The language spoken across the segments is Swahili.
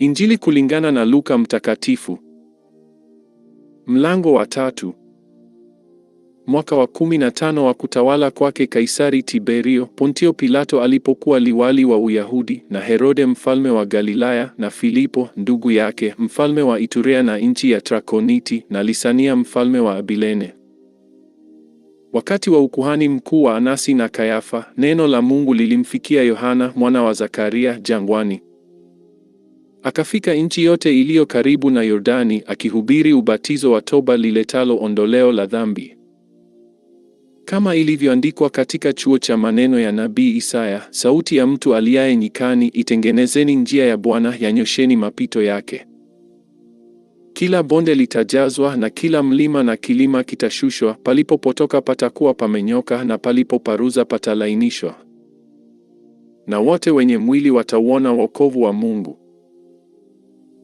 Injili kulingana na Luka Mtakatifu, mlango wa tatu. Mwaka wa 15 wa kutawala kwake Kaisari Tiberio, Pontio Pilato alipokuwa liwali wa Uyahudi, na Herode mfalme wa Galilaya, na Filipo ndugu yake mfalme wa Iturea na nchi ya Trakoniti, na Lisania mfalme wa Abilene, wakati wa ukuhani mkuu wa Anasi na Kayafa, neno la Mungu lilimfikia Yohana mwana wa Zakaria jangwani. Akafika nchi yote iliyo karibu na Yordani akihubiri ubatizo wa toba liletalo ondoleo la dhambi. Kama ilivyoandikwa katika chuo cha maneno ya nabii Isaya, sauti ya mtu aliaye nyikani, itengenezeni njia ya Bwana, yanyosheni mapito yake. Kila bonde litajazwa na kila mlima na kilima kitashushwa, palipopotoka patakuwa pamenyoka na palipoparuza patalainishwa. Na wote wenye mwili watauona wokovu wa Mungu.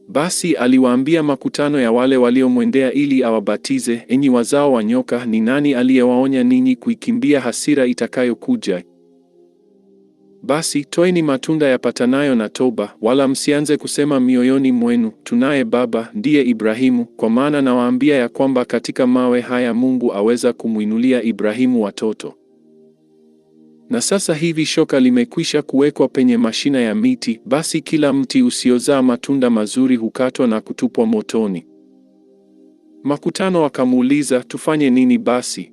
Basi aliwaambia makutano ya wale waliomwendea ili awabatize, enyi wazao wa nyoka, ni nani aliyewaonya ninyi kuikimbia hasira itakayokuja? Basi toeni matunda yapatanayo na toba, wala msianze kusema mioyoni mwenu, tunaye baba ndiye Ibrahimu, kwa maana nawaambia ya kwamba katika mawe haya Mungu aweza kumwinulia Ibrahimu watoto na sasa hivi shoka limekwisha kuwekwa penye mashina ya miti, basi kila mti usiozaa matunda mazuri hukatwa na kutupwa motoni. Makutano akamuuliza, tufanye nini basi?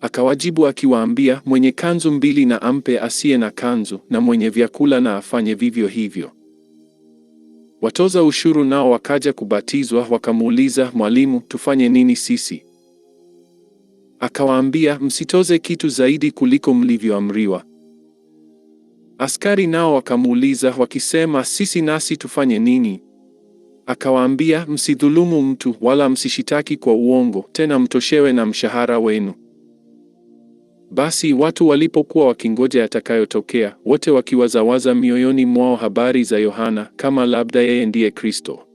Akawajibu akiwaambia, mwenye kanzu mbili na ampe asiye na kanzu, na mwenye vyakula na afanye vivyo hivyo. Watoza ushuru nao wakaja kubatizwa, wakamuuliza, Mwalimu, tufanye nini sisi? Akawaambia, msitoze kitu zaidi kuliko mlivyoamriwa. Askari nao wakamuuliza wakisema, sisi nasi tufanye nini? Akawaambia, msidhulumu mtu wala msishitaki kwa uongo, tena mtoshewe na mshahara wenu. Basi watu walipokuwa wakingoja yatakayotokea, wote wakiwazawaza mioyoni mwao habari za Yohana, kama labda yeye ndiye Kristo.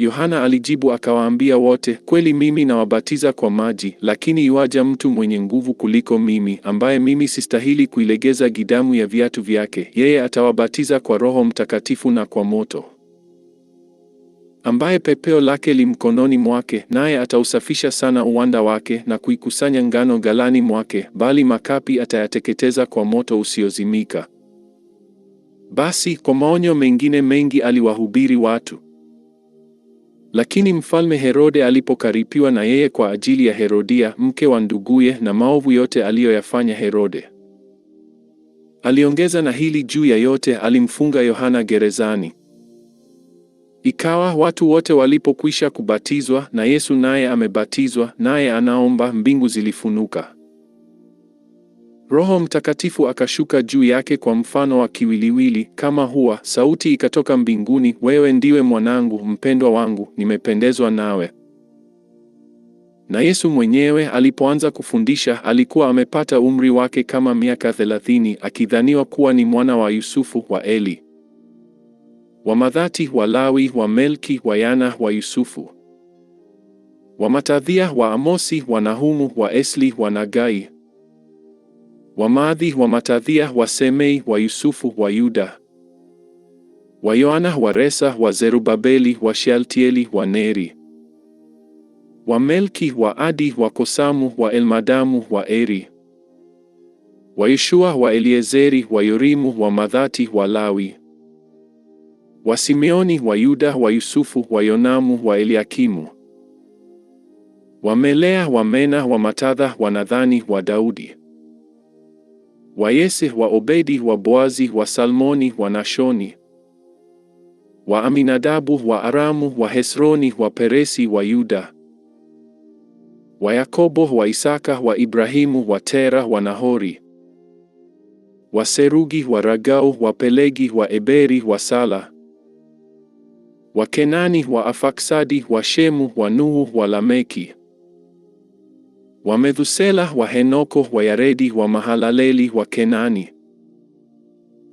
Yohana alijibu akawaambia wote, kweli mimi nawabatiza kwa maji, lakini iwaja mtu mwenye nguvu kuliko mimi, ambaye mimi sistahili kuilegeza gidamu ya viatu vyake, yeye atawabatiza kwa Roho Mtakatifu na kwa moto ambaye pepeo lake li mkononi mwake, naye atausafisha sana uwanda wake na kuikusanya ngano ghalani mwake, bali makapi atayateketeza kwa moto usiozimika. Basi kwa maonyo mengine mengi aliwahubiri watu. Lakini mfalme Herode alipokaripiwa na yeye kwa ajili ya Herodia mke wa nduguye na maovu yote aliyoyafanya Herode, aliongeza na hili juu ya yote, alimfunga Yohana gerezani. Ikawa watu wote walipokwisha kubatizwa na Yesu naye amebatizwa, naye anaomba, mbingu zilifunuka Roho Mtakatifu akashuka juu yake kwa mfano wa kiwiliwili kama hua. Sauti ikatoka mbinguni, wewe ndiwe mwanangu mpendwa wangu, nimependezwa nawe. Na Yesu mwenyewe alipoanza kufundisha alikuwa amepata umri wake kama miaka thelathini, akidhaniwa kuwa ni mwana wa Yusufu, wa Eli, wa Madhati, wa Lawi, wa Melki, wa Yana, wa Yusufu, wa Matadhia, wa Amosi, wa Nahumu, wa Esli, wa Nagai maadhi Wamatadhia, Wasemei, wa Yusufu, wa Yuda, wa Yoana, wa Resa, wa Zerubabeli, wa Shealtieli, wa Neri, wa Melki, wa Adi, wa Kosamu, wa Elmadamu, wa Eri, wa Yeshua, wa Eliezeri, wa Yorimu, wa Madhati, wa Lawi, wa Simeoni, wa Yuda, wa Yusufu, wa Yonamu, wa Eliakimu, wa Melea, wa Mena, wa Matadha, wa Nadhani, wa Daudi wa Yese wa Obedi wa Boazi wa Salmoni wa Nashoni wa Aminadabu wa Aramu wa Hesroni wa Peresi wa Yuda wa Yakobo wa Isaka wa Ibrahimu wa Tera wa Nahori wa Serugi wa Ragau wa Pelegi wa Eberi wa Sala wa Kenani wa Afaksadi wa Shemu wa Nuhu wa Lameki wa Methusela, wa Henoko, wa Yaredi, wa Mahalaleli, wa Kenani,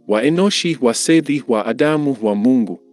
wa Enoshi, wa Sethi, wa Adamu, wa Mungu.